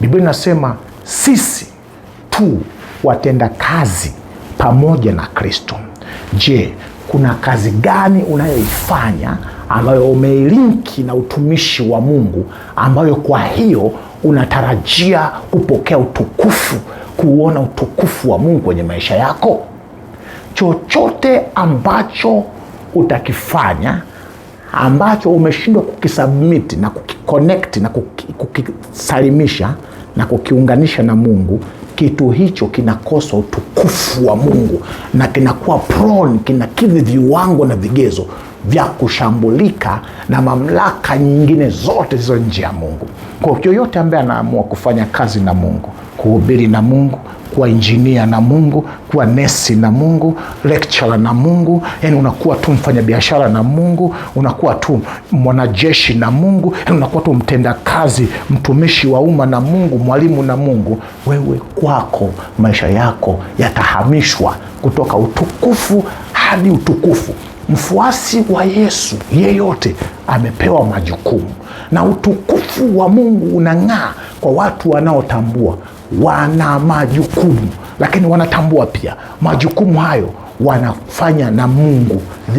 Biblia inasema sisi tu watenda kazi pamoja na Kristo. Je, kuna kazi gani unayoifanya ambayo umeilinki na utumishi wa Mungu, ambayo kwa hiyo unatarajia kupokea utukufu, kuuona utukufu wa Mungu kwenye maisha yako? Chochote ambacho utakifanya ambacho umeshindwa kukisubmiti na kukikonekti na kukisalimisha na kukiunganisha na Mungu, kitu hicho kinakosa utukufu wa Mungu na kinakuwa prone, kinakidhi viwango na vigezo vya kushambulika na mamlaka nyingine zote zilizo nje ya Mungu. Kwa hiyo yoyote ambaye anaamua kufanya kazi na Mungu, kuhubiri na Mungu kuwa injinia na Mungu, kuwa nesi na Mungu, lecturer na Mungu, yani unakuwa tu mfanyabiashara na Mungu, unakuwa tu mwanajeshi na Mungu, yani unakuwa tu mtendakazi, mtumishi wa umma na Mungu, mwalimu na Mungu. Wewe kwako maisha yako yatahamishwa kutoka utukufu hadi utukufu. Mfuasi wa Yesu yeyote amepewa majukumu, na utukufu wa Mungu unang'aa kwa watu wanaotambua wana majukumu, lakini wanatambua pia majukumu hayo wanafanya na Mungu.